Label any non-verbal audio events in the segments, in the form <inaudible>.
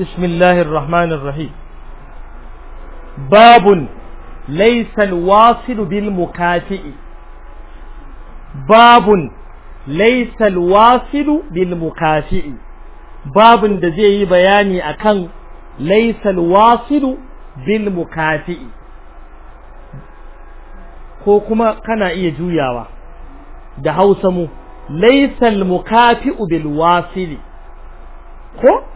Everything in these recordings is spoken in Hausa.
بسم الله الرحمن الرحيم باب ليس الواصل بالمكافئ باب ليس الواصل بالمكافئ باب da zai yi bayani akan ليس الواصل بالمكافئ ko kuma kana iya juyawa da Hausa mu laysal mukafi'u bil wasili ko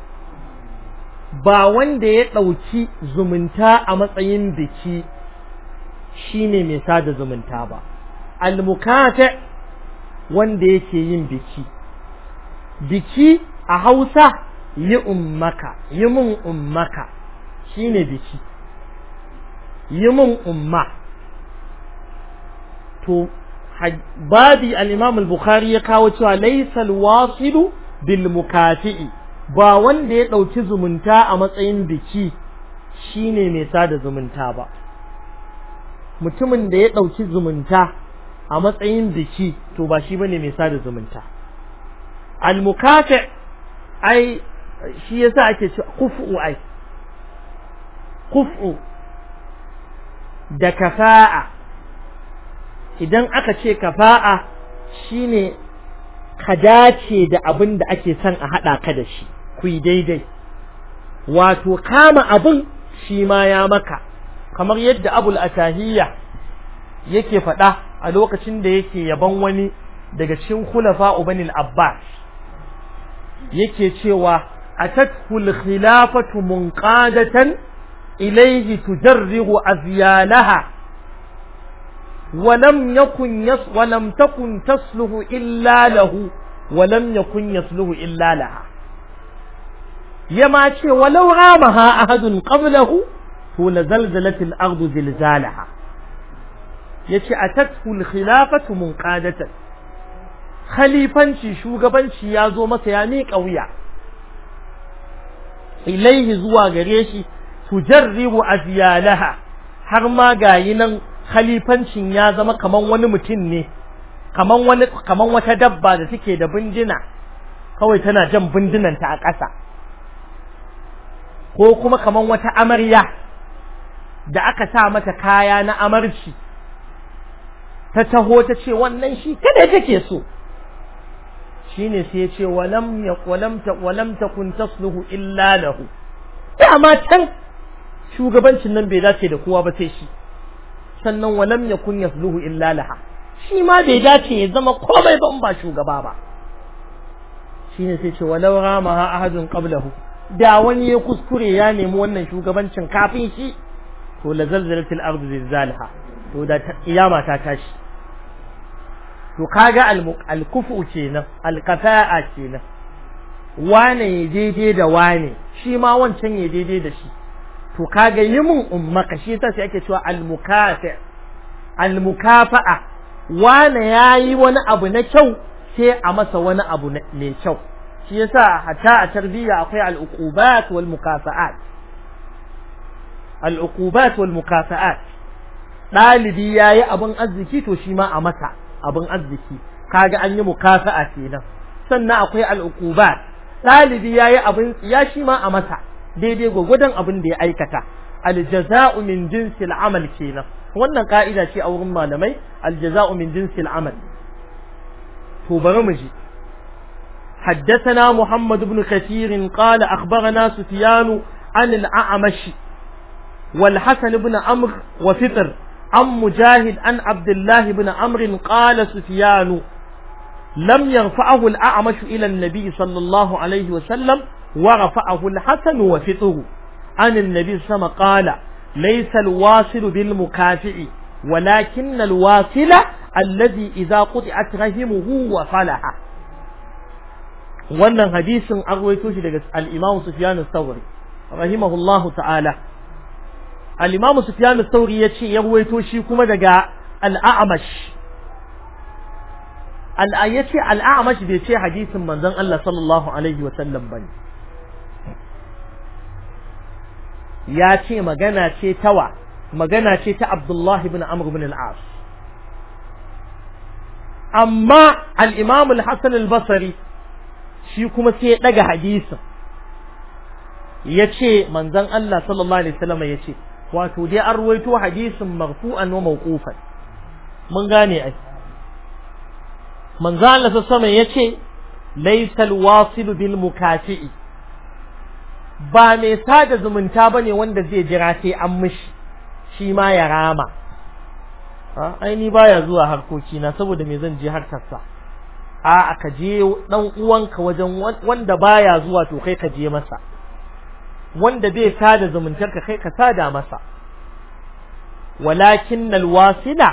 ba wanda ya ɗauki zumunta a matsayin biki shine mai sada zumunta ba almukata wanda yake yin biki biki a hausa yi ummaka yi mun ummaka ne biki yi mun umma to babi al-imam al-bukhari ya kawo cewa laisal wasilu bil mukati'i ba wanda ya ɗauki zumunta a matsayin biki shine mai sada zumunta ba mutumin da ya ɗauki zumunta a matsayin biki to ba shi ne mai sada zumunta Almukafe ai shi ya yasa ake ci kufu ai kufu da kafa'a idan aka ce kafa'a shine ka dace da abin da ake son a haɗa ka da shi ku yi daidai wato kama abin shi ma ya maka kamar yadda abul atahiyya yake faɗa a lokacin da yake yaban wani daga cikin khulafa ubanin abbas yake cewa a atatkul khilafatu munqadatan ilayhi tujarrihu aziyalaha ولم يكن يس ولم تكن تصله إلا له ولم يكن يصله إلا لها يما شيء ولو عامها أحد قبله هو لزلزلة الأرض زلزالها yace a tatkul khilafatu munqadatan khalifanci shugabanci ya zo masa ya miƙa wuya. ilaihi zuwa gare shi tujarribu azyalaha har ma gayinan. khalifancin ya zama kaman wani mutum ne kaman wani kaman wata dabba da take da bindina kawai tana jan bindinan ta a ƙasa ko kuma kaman wata amarya da aka sa mata kaya na amarci ta taho ta ce wannan shi kada take so shine sai ya ce walam ya walam ta walam kun tasluhu illa lahu dama can shugabancin nan bai dace da kowa ba sai shi sannan walam yakun yasluhu illa laha shi ma bai dace ya zama komai ba in ba shugaba ba ne sai ce walau ramaha ahadun qablahu da wani ya kuskure ya nemi wannan shugabancin kafin shi to la zalzalatil ardu zilzalaha to da kiyama ta tashi to kaga al-kufu kenan al-kafa'a kenan wane ya daidai da wane shi ma wancan ya daidai da shi to kaga yi mun ummaka shi yasa sai ake cewa al Almukafa'a. al-mukafa'a wani yayi wani abu na kyau sai a masa wani abu mai kyau shi yasa hatta a tarbiyya akwai al-uqubat wal mukafa'at al-uqubat wal mukafa'at dalibi yayi abun arziki to shi ma a masa abun arziki kaga an yi mukafa'a kenan sannan akwai al dalibi yayi abun ya shi ma a masa daidai gwagwadon abin da ya aikata aljaza'u min jinsil amal kenan wannan ka'ida ce a wurin malamai aljaza'u min jinsil amal to bari mu ji حدثنا محمد بن كثير قال أخبرنا سفيان عن الأعمش والحسن بن عمرو وفطر عن مجاهد عن عبد الله بن عمرو قال سفيان لم يرفعه الأعمش إلى النبي صلى الله عليه وسلم ورفعه الحسن وفطه عن النبي صلى الله عليه وسلم قال ليس الواصل بالمكافئ ولكن الواصل الذي إذا قطعت رحمه وصلح wannan hadisin an shi daga al-Imam Sufyan al-Thawri ta'ala al-Imam Sufyan al-Thawri yace ya shi kuma daga al-A'mash al-ayace al-A'mash bai ce hadisin manzon Allah sallallahu alaihi wa sallam bane ya ce magana ce tawa magana ce ta Abdullah ibn Amr ibn al-As amma al al-Hasan al-Basri shi kuma sai ya ɗaga daga Ya ce manzan Allah sallallahu alaihi wasallam yace wato dai an ruwaito hadisin marfu'an wa mawqufan mun gane ai Manzan Allah sallallahu alaihi wasallam yace laysa al-wasil bil mukafi'i ba mai sada zumunta ba ne wanda zai jira sai an mishi shi ma ya rama aini baya zuwa harkokina saboda me zan je harkarsa a aka je dan uwanka wajen wanda baya zuwa to kai ka je masa wanda bai sada zumuntarka kai ka sada masa walakin alwasila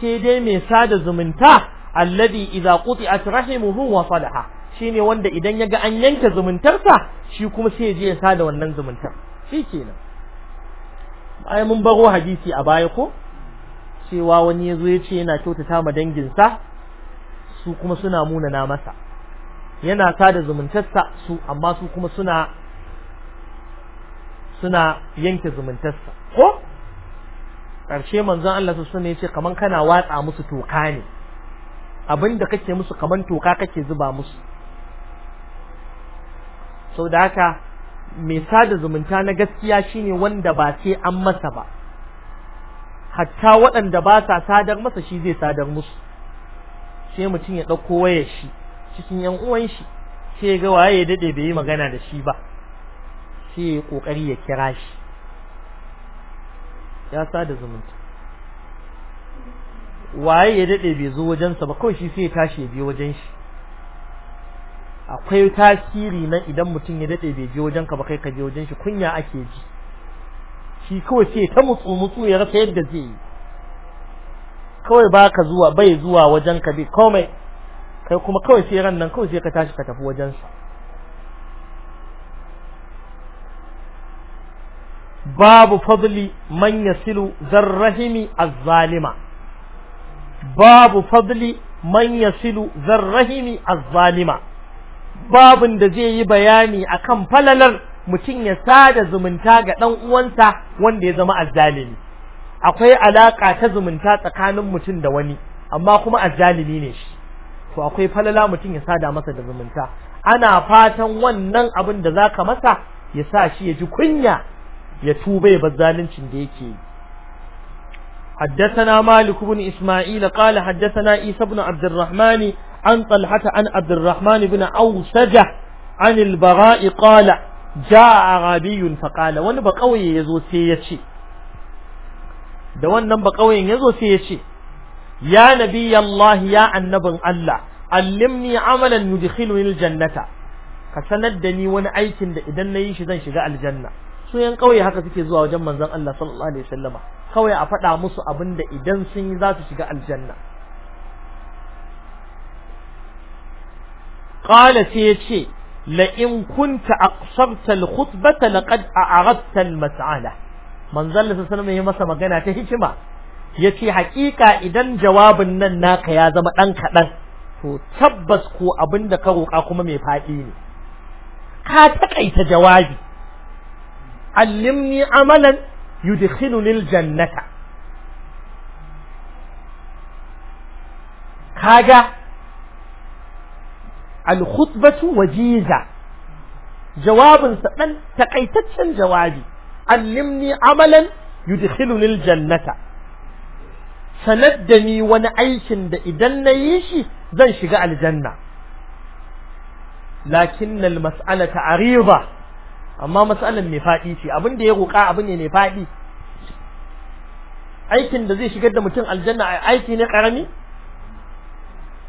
sai dai mai sada zumunta alladhi idza quti'at rahimuhu wa salaha shine wanda idan ya ga an yanke zumuntarsa shi kuma sai ya je ya sada wannan zumuntar shi kenan ai mun baro hadisi a baya ko cewa wani ya zo ya ce yana kyautata ma danginsa su kuma suna munana masa yana sada zumuntarsa su amma su kuma suna suna yanke zumuntarsa ko ƙarshe manzon Allah su sunne yace kaman kana watsa musu toka ne abinda kake musu kaman toka kake zuba musu sau da haka mai sada zumunta na gaskiya shine wanda ba ce an masa ba hatta waɗanda ba sa sadar masa shi zai sadar musu sai mutum ya ɗauko wayar shi cikin yan uwan shi sai ga waye ya dade bai yi magana da shi ba sai ya kokari ya kira shi ya sada zumunta waye ya dade bai zo wajensa ba kawai shi sai ya tashi ya biyo wajen shi akwai tasiri nan idan mutum ya dade bai je wajen ka ba kai ka je wajen shi kunya ake ji shi kawai sai ta mutsu mutsu ya rasa yadda zai yi kawai baka zuwa bai zuwa wajen ka bai komai kai kuma kawai sai ran nan kawai sai ka tashi ka tafi wajen sa babu fadli man yasilu zarrahimi az-zalima babu fadli man yasilu zarrahimi az-zalima babin da zai yi bayani akan falalar mutum ya sada zumunta ga ɗan uwansa wanda ya zama azzalimi akwai alaƙa ta zumunta tsakanin mutum da wani amma kuma azzalimi ne shi to akwai falala mutum ya sada masa da zumunta ana fatan wannan abin da za ka masa ya sa shi ya ji kunya ya tuba ya bazzalincin da yake yi حدثنا مالك بن إسماعيل قال حدثنا إيسى بن عبد الرحمن عن طلحة عن عبد الرحمن بن أوسجة عن البراء قال جاء أعرابي فقال وانا بقوي يزو سيتشي da wannan ba kauyen yazo sai ya ce ya nabi Allah ya annabin Allah allimni amalan yudkhiluni jannata ka sanar da ni wani aikin da idan nayi shi zan shiga aljanna su yan kauye haka suke zuwa wajen manzon Allah sallallahu alaihi wasallama kawai a faɗa musu abin da idan sun yi za shiga aljanna qala sai yace la in kunta aqsarta al-khutbata laqad a'radta al-mas'ala manzon Allah sallallahu masa magana ta hikima yace hakika idan jawabin nan naka ya zama ɗan kaɗan to tabbas ko abinda ka roƙa kuma mai fadi ne ka taƙaita jawabi ni amalan yudkhiluni al-jannata kaga الخطبة وجيزة جواب سأل تقيتت جوابي علمني عملا يدخلني الجنة سندني وانا عيشن دا نيشي ذن شقاء الجنة لكن المسألة عريضة أما مسألة النفائي شي أبن دي يغوقع أبن ينفائي أيكن دزي zai shigar الجنة أيكن قرمي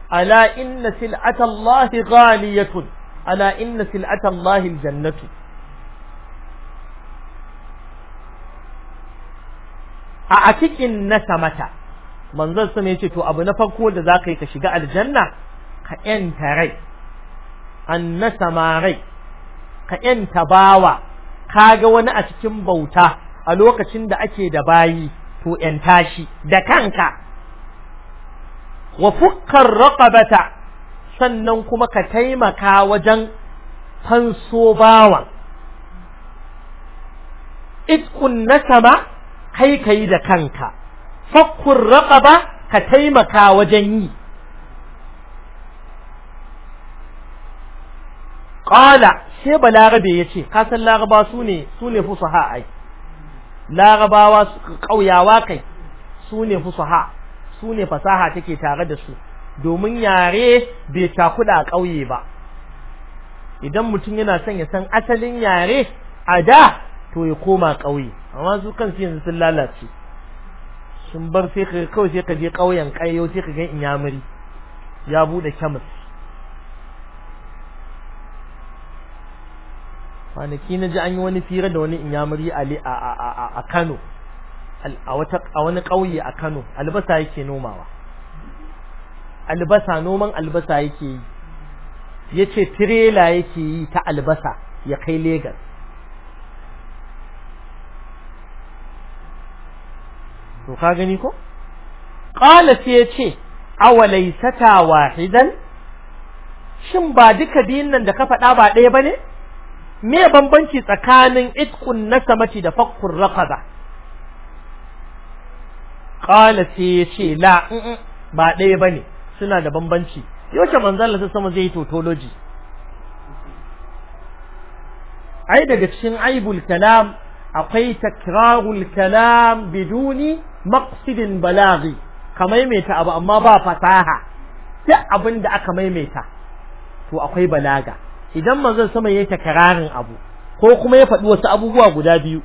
ala inna sil'ata Allah ghaliyatun ala inna sil'ata Allah aljannatu a cikin na samata manzon sama yace to abu na farko da zaka yi ka shiga aljanna ka yanta rai an nasama rai ka yanta bawa kaga wani a cikin bauta a lokacin da ake da bayi to yanta shi da kanka wa fukkar ta sannan kuma ka taimaka wajen fanso bawan itkun sama kai yi da kanka fakkur raƙaba ka taimaka wajen yi Ƙala sai balarabe yace ka san laraba sune sune fusaha ai larabawa kauyawa kai sune fusaha su ne fasaha take tare da su domin yare bai takuɗa a ƙauye ba idan mutum yana son ya san asalin yare a da to ya koma ƙauye amma su kansu yanzu sun lalace sun bar sai ka kawai sai ka je ƙauyen ƙayyo sai ka ga inyamuri ya bude kemis kwanaki na ji an yi wani fira da wani inyamuri a Kano a wani ƙauye a Kano albasa yake nomawa albasa noman albasa yake yi yace tirela yake yi ta albasa ya kai Legas to ka gani ko qala sai yace awalaysata wahidan shin ba duka biyun nan da ka faɗa ba ɗaya bane me bambanci tsakanin itqun nasamati da faqqur raqaba kala sai ya ce la ba ɗaya bane suna da bambanci yaushe manzo Allah sai sama zai yi tautology ai daga cikin aibul kalam akwai takrarul kalam biduni maqsidin balaghi ka maimaita abu amma ba fasaha duk abin da aka maimaita to akwai balaga idan manzon sama yayi takrarin abu ko kuma ya faɗi wasu abubuwa guda biyu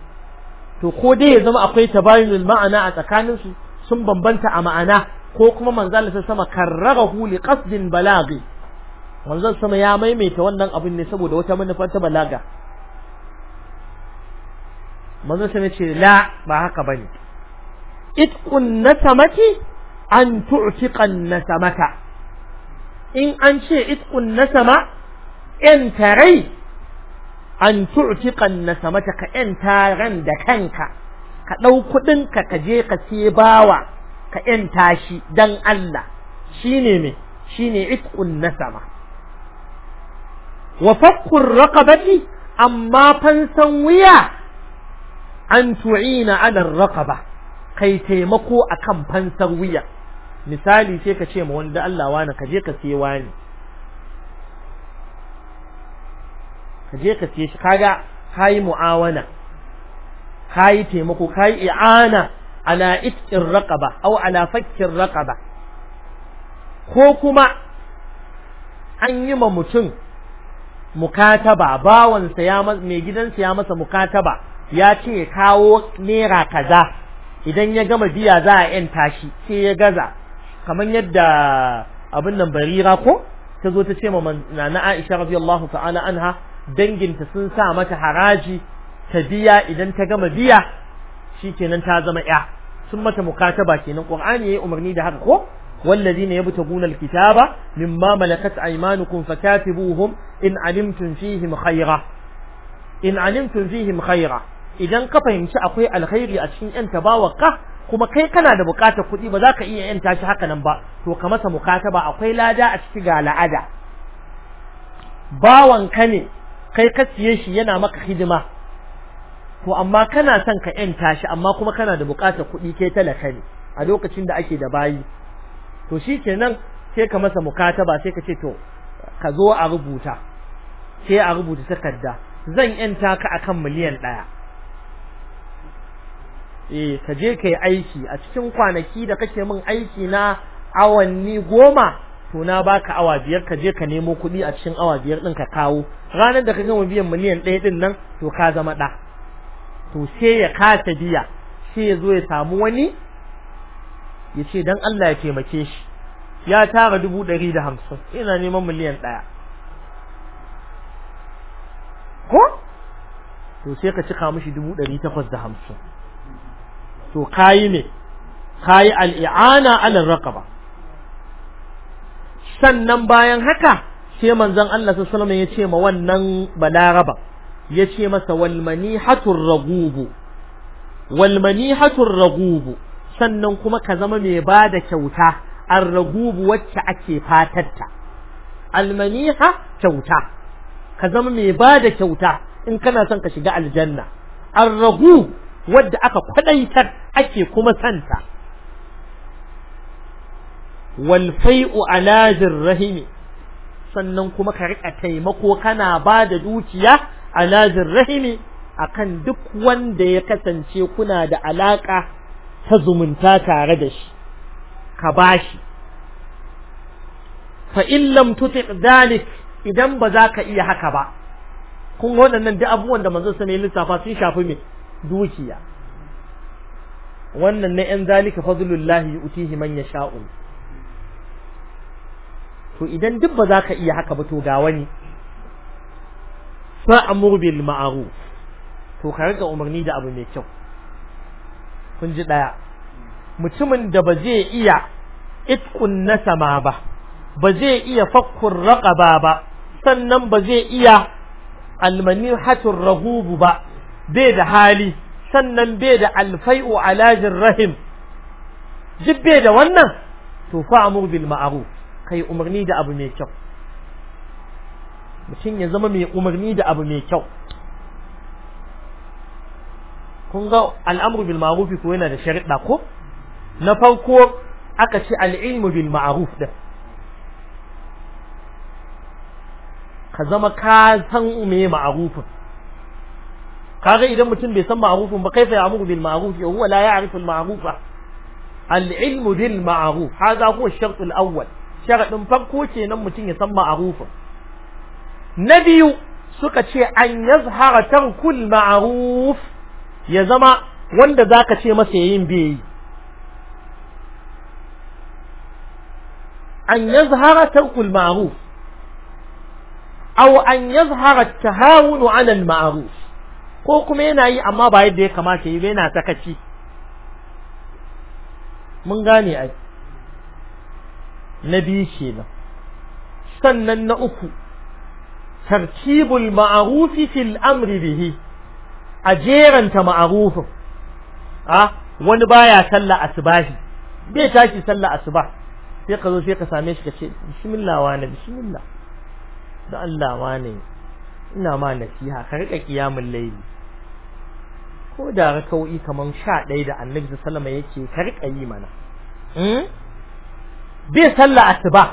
to ko dai ya zama akwai tabayunul ma'ana a tsakaninsu? sun bambanta a ma'ana ko kuma manzon Allah sama karrarahu li qasdin balaghi manzon sama ya maimaita wannan abin ne saboda wata manufar ta balaga manzon sama ce la ba haka bane itqun nasamati an tu'tiqan nasamata in an ce itqun nasama yan tarai an tu'tiqan nasamata ka yan taran da kanka ka ɗau kuɗin ka je ka siye bawa ka ƴan tashi dan Allah shi ne me shi ne itkun na sama wa fakkun raƙabati amma fansan wuya an tu'ina anan raƙaba kai taimako akan fansan wuya misali sai ka ce ma wanda Allah wani ka je ka siye wani ka je ka siye shi kaga kayi mu'awana kayi taimako kayi i'ana ala itqir raqaba aw ala fakkir raqaba ko kuma an yi ma mutum mukataba bawansa ya mai gidansa ya masa mukataba ya ce ya kawo nera kaza idan ya gama biya za a yanta tashi sai ya gaza kamar yadda abin nan barira ko ta zo ta ce ma na Aisha radiyallahu ta'ala anha danginta sun sa mata haraji ta biya idan ta gama biya shikenan ta zama ya sun mata mukataba kenan qur'ani yayi umarni da haka ko والذين يبتغون الكتاب مما ملكت أيمانكم فكاتبوهم إن علمتم فيهم خيرا in alimtum fihim khaira idan ka fahimci akwai alkhairi a cikin yan tabawaka kuma kai kana da bukatar kuɗi ba za ka iya yanta tashi haka nan ba to ka masa mukataba akwai lada a ciki ga la'ada bawan ka ne kai ka siye shi yana maka hidima to amma kana son ka yanta tashi amma kuma kana da bukatar kuɗi ke talaka ne a lokacin da ake da bayi to shikenan sai ka masa mukataba sai ka ce to ka zo a rubuta sai a rubuta takarda zan yanta ka akan miliyan ɗaya eh ka je kai aiki a cikin kwanaki da kake min aiki na awanni goma to na baka awa biyar ka je ka nemo kuɗi a cikin awa biyar ɗin ka kawo ranar da ka gama biyan miliyan ɗaya ɗin nan to ka zama ɗa to sai ya kasa biya sai ya zo ya samu wani ya ce don Allah ya taimake shi ya tara dubu ɗari da hamsin ina neman miliyan ɗaya ko to sai ka cika mashi dubu ɗari takwas da hamsin to kayi ne kayi al'i'ana alal raqaba sannan bayan haka sai manzon Allah sallallahu ya ce ma wannan balaraba yace masa walmani hatun ragubu walmani hatun ragubu sannan kuma ka zama mai bada kyauta an ragubu wacce ake fatarta almani ha kyauta ka zama mai bada kyauta in kana son ka shiga aljanna an ragub wadda aka kwaɗaitar ake kuma santa wal fai'u rahimi sannan kuma ka riƙa taimako kana ba da dukiya alazin rahimi akan duk wanda ya kasance kuna da alaka ta zumunta tare da shi ka bashi fa in lam dalik idan ba za ka iya haka ba kun waɗannan duk abubuwan da manzo sani lissafa sun shafi me dukiya wannan na yan zalika fadlullahi yu'tihi man yasha'u to idan duk ba za ka iya haka ba to ga wani fa'mur bil ma'ruf to ka rika umarni da abu mai kyau kun ji daya mutumin da ba zai iya itqun nasama ba ba zai iya fakkur raqaba ba sannan ba zai iya almanihatur raghub ba bai da hali sannan bai da alfai'u alajin rahim jibbe da wannan to fa'amur bil ma'ruf kai umarni da abu mai kyau mutum ya zama mai umarni da abu mai kyau kun ga al'amru bil ma'rufi ko yana da shariɗa ko na farko aka ce al'ilmu bil ma'ruf da. ka zama ka san me ma'rufin kaga idan mutum bai san ma'rufin ba kai fa ya'muru bil ma'ruf wa huwa la ya'rifu al ma'rufa al'ilmu ilmu bil ma'ruf hadha huwa ash-shart al-awwal sharadin farko kenan mutum ya san ma'rufin na biyu suka ce an yazhara tarkul ma'ruf ya zama wanda zaka ce masa yayin bai an yazhara tarkul ma'ruf aw an yazhara tahawun 'ala al-ma'ruf ko kuma yana yi amma ba yadda ya kamata yi yana sakaci mun gane ai na biyu kenan sannan na uku tartibul ma'arufi fil amri bihi a jeranta ma'arufin a wani baya sallah asubahi bai tashi sallah asuba sai ka zo sai ka same shi ka ce bismillah wa na bismillah da Allah wa ne ina ma nasiha ka rika kiyamul layli ko da raka'o'i kaman 11 da Annabi sallallahu alaihi wasallam yake ka rika yi mana hmm bai sallah asuba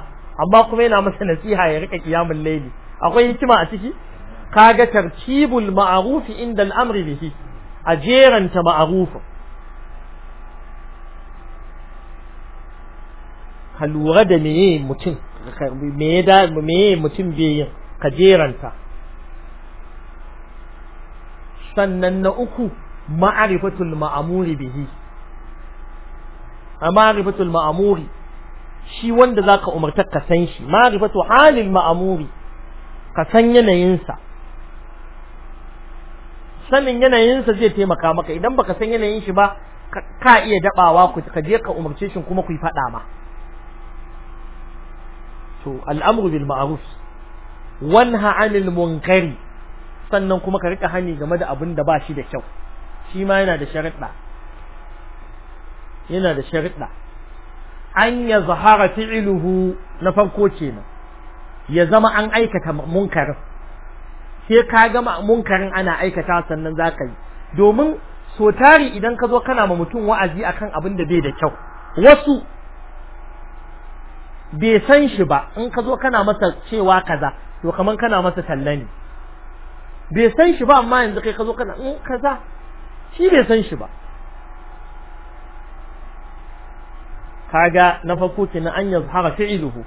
amma kuma yana masa nasiha ya rika kiyamul layli akwai hikima a ciki kaga tartibul ma'ruf inda al'amri bihi a jeranta ma'rufin ka lura da meye mutum meye da meye mutum bai yin ka jeranta sannan na uku ma'rifatul ma'amuri bihi a ma'rifatul ma'amuri shi wanda zaka umarta ka san shi ma'rifatu halil ma'amuri ka san yanayinsa sanin yanayinsa zai taimaka maka idan baka san yanayin shi ba ka iya dabawa ku ka je ka umarce shi kuma ku yi fada ma to al'amru bil ma'ruf wanha 'anil munkari sannan kuma ka rika hani game da abin da ba shi da kyau shi ma yana da sharuɗa yana da sharuɗa an ya zahara na farko kenan ya zama an aikata munkarin sai ka ga munkarin ana aikata sannan za ka yi domin so tari idan ka zo kana ma mutum wa'azi akan abin da bai da kyau wasu bai san shi ba in ka zo kana masa cewa kaza to kaman kana masa talla ne bai san shi ba amma yanzu kai ka zo kana in mm, kaza shi bai san shi ba kaga na farko kenan an yazhara fi'iluhu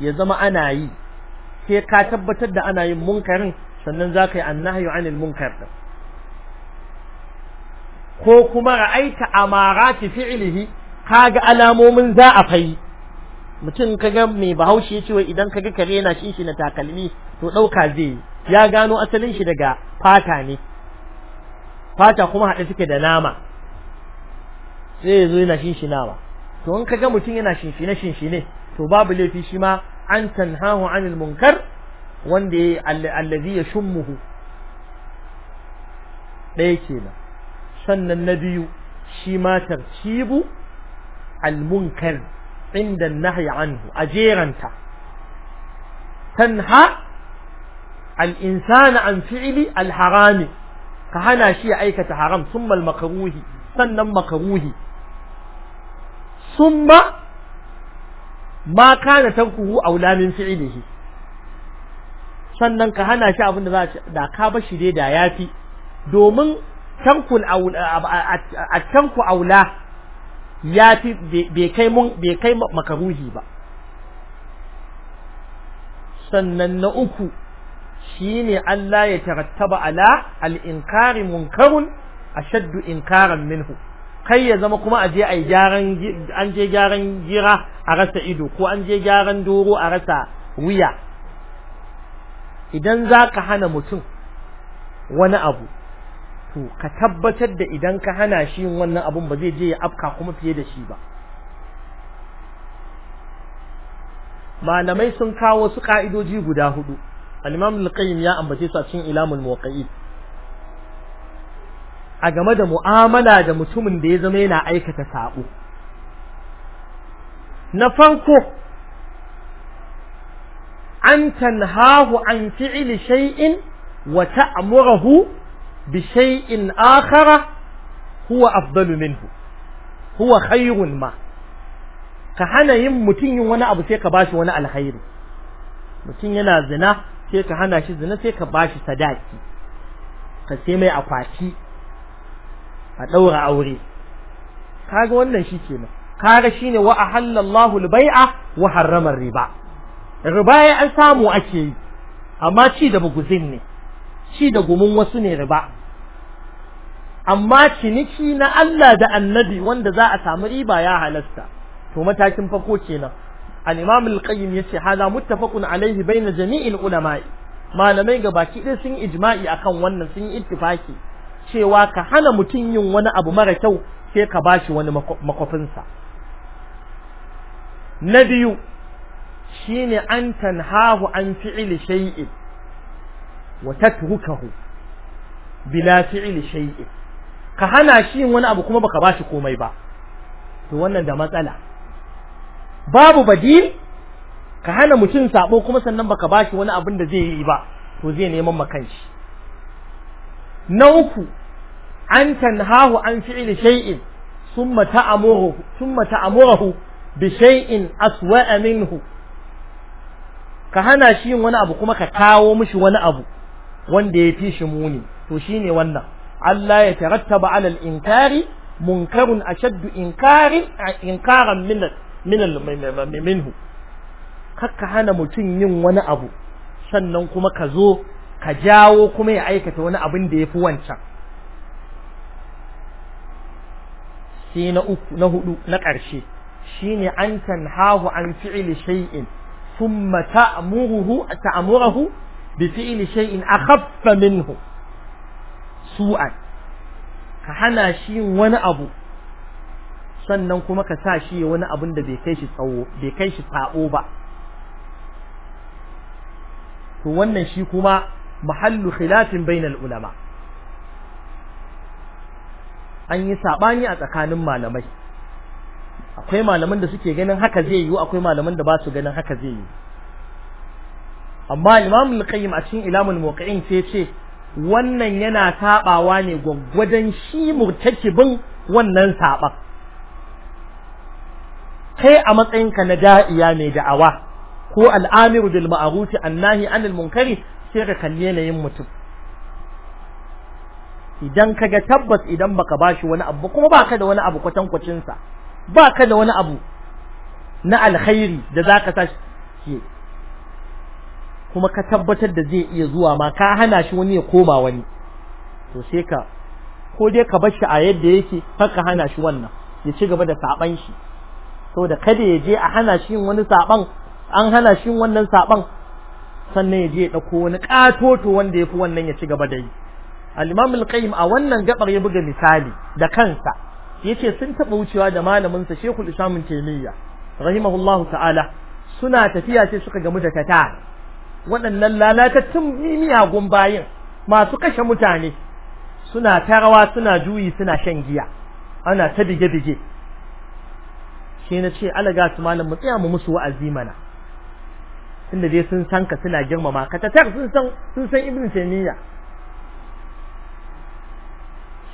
ya zama ana yi sai ka tabbatar da ana yin munkarin sannan za ka yi annahyu anil munkar ɗin ko kuma ra'aita amarati ka ga alamomin za a fayi mutum ka ga mai bahaushe ya ce wai idan ga kare yana shi na takalmi to ɗauka zai ya gano asalin shi daga fata ne fata kuma haɗe suke da nama sai ya zo yana nama to in ka ga mutum yana shinshine shinshine to babu laifi shi ma an tanhahu anil munkar wanda ya allazi ya shummuhu ɗaya kenan sannan na biyu shi ma tartibu al munkar inda nahyi anhu a jeranta tanha al insana an fi'li al haram ka hana shi ya aikata haram summa al makruhi sannan makruhi summa ma kana tankuhu aula min fi'lihi sannan ka hana shi abin da za da ka bashi dai da yafi domin tankul a tanku aula yafi bai kai mun bai kai makaruhi ba sannan na uku shine Allah ya tarattaba ala al-inkari munkarun ashaddu inkaran minhu kai ya zama kuma aje gyaran an je gyaran gira a rasa ido ko an je gyaran doro a rasa wuya idan za ka hana mutum wani abu to ka tabbatar da idan ka hana shi yin wannan abun ba zai je ya afka kuma fiye da shi ba malamai sun kawo su ka'idoji guda hudu al-imam al-qayyim ya ambace su a cikin ilamul muwaqqi'in a game da mu'amala da mutumin da ya zama yana aikata sabo na farko an tanhahu an fi'ili shay'in wa ta'muruhu bi shay'in akhara huwa afdalu minhu huwa khayrun ma ka hana yin mutum yin wani abu sai ka bashi wani alkhairi mutum yana zina sai ka hana shi zina sai ka bashi sadaki ka sai mai akwati a daura aure kaga wannan shi kenan kaga shine wa ahallallahu al-bai'a wa harrama riba riba ya an samu ake yi amma ci da buguzin ne ci da gumin wasu ne riba amma ciniki na Allah da annabi wanda za a samu riba ya halasta to matakin farko kenan al-imam al-qayyim yace hada muttafaqun alayhi bayna jami'il ulama'i malamai gabaki ɗaya sun ijma'i akan wannan sun yi ittifaki cewa ka hana mutum yin wani abu mara kyau sai ka bashi wani makwafinsa na biyu shi ne an tanhahu an fi'li shai'i. wa tatrukahu bila fi'li shai'i. ka hana shi wani abu kuma baka bashi komai ba to wannan da matsala babu badil ka hana mutum sabo kuma sannan baka bashi wani abin da zai yi ba to zai neman makan shi na uku an tanhahu an fi'li shai'i. summa mata summa bi in aswa'a minhu ka hana shi yin wani abu kuma ka kawo mishi wani abu wanda ya fi shi muni to shine wannan Allah ya tarattaba alal inkari munkarun ashaddu inkarin inkaran min min minhu kakka hana mutum yin wani abu sannan kuma ka zo ka jawo kuma ya aikata wani abin da ya fi wancan sai na uku na hudu na ƙarshe shine an tanhahu an fi'li shay'in thumma ta'muruhu ta'muruhu bi fi'li shay'in akhaffa minhu su'an ka hana shi wani abu sannan kuma ka sa shi wani abin da bai kai shi tsawo bai kai shi sabo ba to wannan shi kuma mahallu khilafin bainal ulama an yi sabani a tsakanin malamai akwai malaman da suke ganin haka zai yi akwai malaman da ba su ganin haka zai yi, amma imamu al-qayyim a cikin ilamul muqin sai ce wannan yana sabawa ne gwaggwadan shi murtakibin wannan saban kai a matsayinka na da'iya mai da'awa ko al'amiru bil ma'rufi annahi anil munkari sai ka kalli yanayin mutum idan kaga tabbas idan baka bashi wani abu kuma baka da wani abu kwatankwacinsa. ba ka da wani abu na alkhairi da za ka tashi ke kuma ka tabbatar da zai iya zuwa ma ka hana shi wani ya koma wani to sai ka ko dai ka bar shi a yadda yake har ka hana shi wannan ya ci gaba da saban shi saboda kada ya je a hana shi wani saban an hana shi wannan saban sannan ya je ya dauko wani katoto wanda yafi wannan ya ci gaba da yi al-imam al-qayyim a wannan gabar ya buga misali da kansa yace sun taba wucewa da malamin sa Sheikhul Islam Taymiyyah rahimahullahu ta'ala suna tafiya sai suka gamu da tata waɗannan lalatattun miyagun bayin masu kashe mutane suna tarawa suna juyi suna shan giya ana ta bige-bige shi na ce alaga su malam mu tsaya mu musu wa'azi mana tunda dai sun san suna girmama ka sun san sun san ibn taymiya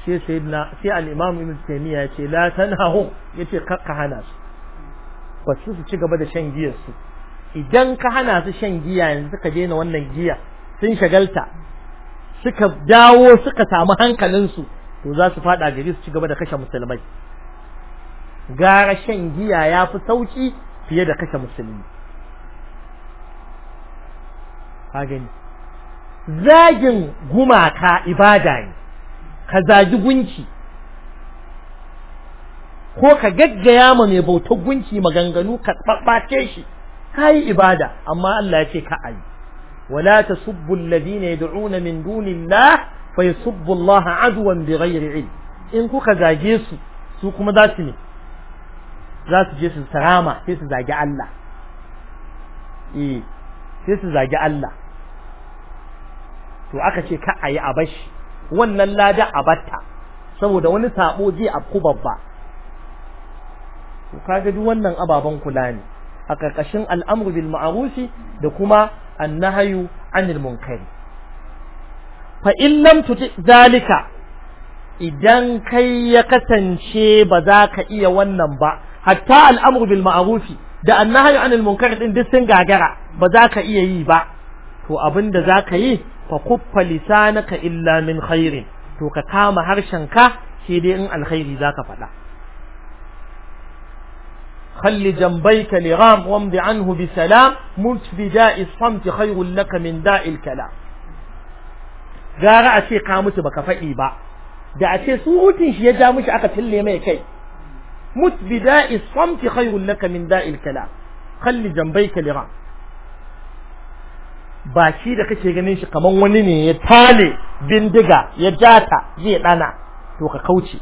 sai sayyidina sai al-imam ibn taymiya ya ce la tanahu yace ka hana su ba su su ci gaba da shan giya su idan ka hana su shan giya yanzu suka daina wannan giya sun shagalta suka dawo suka samu su to za su fada gari su ci gaba da kashe musulmai gara shan giya ya fi sauki fiye da kashe musulmi ka gani zagin gumaka ibada ne ka zagi gunki ko ka gaggaya ma mai bautar gunki maganganu ka ɓaɓɓace shi ka yi ibada amma Allah ya ce ka ayi wala tasubbu alladhina yad'una min dunillah fa yasubbu Allah adwan bighairi ilm in kuka zage su su kuma za su ne za su je su sarama sai su zagi Allah eh sai su zagi Allah to aka ce ka ayi a bashi wannan lada a batta saboda wani sabo a ku babba kaga duk wannan ababan kula ne a ƙarƙashin al'amru bil ma'arufi da kuma annahayu anil munkari fa in lam tuti zalika idan kai ya kasance ba za ka iya wannan ba hatta al'amru bil ma'arufi da annahayu anil munkari din duk sun gagara ba za ka iya yi ba to abinda za ka yi fa kuffa lisanaka illa min khairin to ka kama harshen ka sai dai in alkhairi zaka faɗa خل جنبيك لغام وامض عنه بسلام ملت بداء الصمت خير لك من داء الكلام gara a ce ka mutu baka faɗi ba da a ce surutun shi ya ja mishi aka tille mai kai mut bida'i samti khairul laka min da'il kalam khalli jambayka liram baki da kake ganin shi kaman wani ne ya tale bindiga ya jata zai dana to ka kauce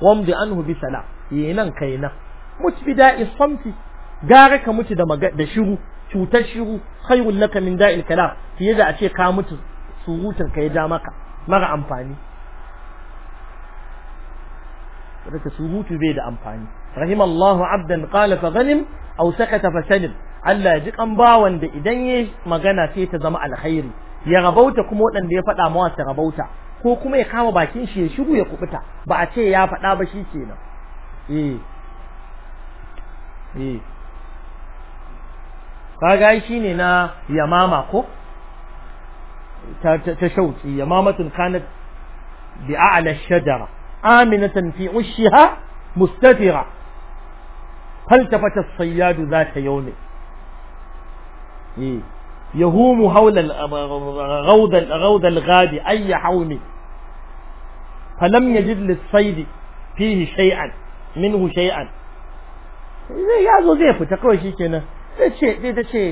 wamdi anhu bi sala yi nan kai nan mutbi da'i samti gara ka mutu da da shiru cutar shiru khairul laka min da'il kalam fiye da a ce ka mutu surutar ka ya ja maka mara amfani daga surutu bai da amfani rahimallahu abdan qala fa ghanim aw sakata fa Allah ya ji kan bawan da idan ya magana sai ta zama alkhairi ya rabauta kuma waɗanda ya faɗa mawa ta rabauta ko kuma ya kama bakin shi ya shigo ya kubuta ba a ce ya faɗa ba shi kenan eh eh kaga shi ne na yamama ko ta ta shauki yamamatun kanat bi a'la shajara aminatan fi ushiha mustatira faltafata as-sayyadu zata yawmin يهوم حول الغود الغود الغادي أي حوم فلم يجد للصيد فيه شيئا منه شيئا zai ya zo zai fita kawai shi kenan zai ce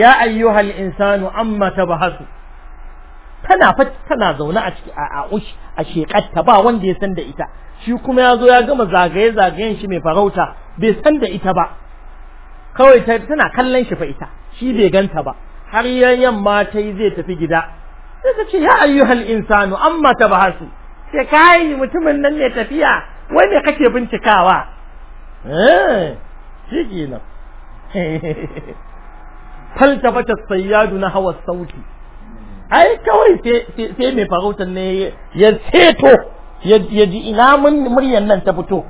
ya ta hali insanu amma tabahasu tana tana zaune a ciki a ushi a shekarta ba wanda ya san da ita shi kuma ya zo ya gama zagaye zagayen shi mai farauta bai san da ita ba kawai tana kallon shi fa ita shi bai ganta ba har yamma ta yi zai tafi gida sai ta ce ya ayyuhal insanu amma ta bahasu sai kai mutumin nan ne tafiya wai me kake bincikawa eh shi <laughs> fal tabata sayyadu na hawa sauti ai kawai sai mai farautar ne ya seto ya ji ina mun muryan nan ta fito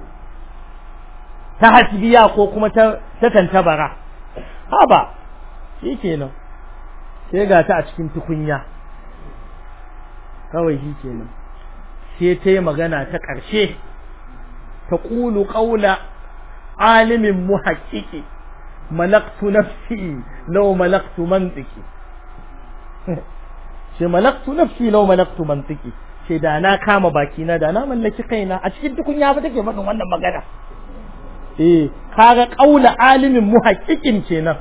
ta hasbiya ko kuma ta tantabara haba shi kenan sai ga ta a cikin tukunya kawai shi kenan sai ta yi magana ta ƙarshe ta ƙulu ƙaula alimin mu haƙiƙi malaktu nafsi lau malaktu mantiki ce <laughs> malaktu nafsi lau malaktu tsiki ce da na kama baki na da na mallaki kaina a cikin tukunya ba take faɗin wannan magana eh kaga ƙaula alimin mu muhaƙiƙin kenan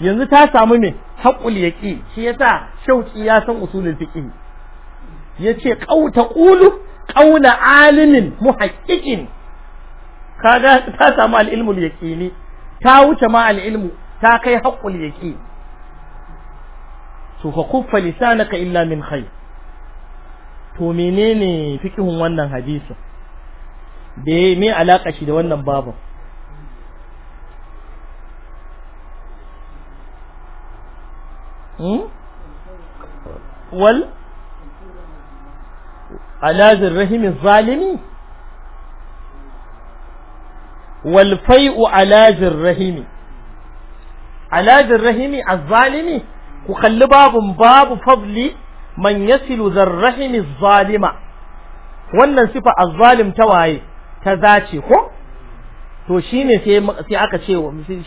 yanzu ta samu me haƙul ƙi shi ya sa shauƙi ya san fiƙi. Ya ce ƙauta ƙulu ƙauna alimin mu haƙiƙin kaga ta samu ya ƙi ne, ta wuce ma al'ilmu ta kai haƙul yaqi to fa kuffa lisanaka illa min kai. to menene fiƙihun wannan hadisin da me alaƙa shi da wannan babu Hmm? wal alazin rahimin zalimi wal fai'u alazin rahimi alazin rahimi zalimi ku kalli babun babu fadli man yasilu rahimi zalima wannan sifa zalim ta waye ta zace ko to shine sai aka ce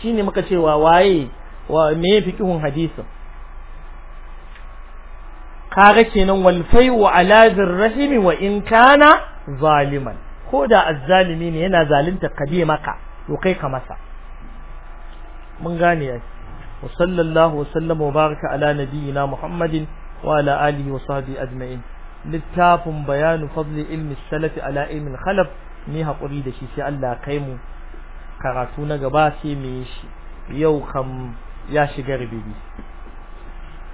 shine muka cewa waye wa me fikihun hadisin kaga kenan wal wa ala rahimi wa in kana zaliman ko da azzalimi ne yana zalunta kabe maka to kai ka masa mun gane ya wa sallallahu wa sallama wa baraka ala nabiyyina muhammadin wa ala alihi wa sahbihi ajma'in littafin bayanu fadli ilmi salafi ala ilmin khalaf ni haƙuri da shi sai Allah kai mu karatu na gaba sai mu shi yau kam ya shiga rububi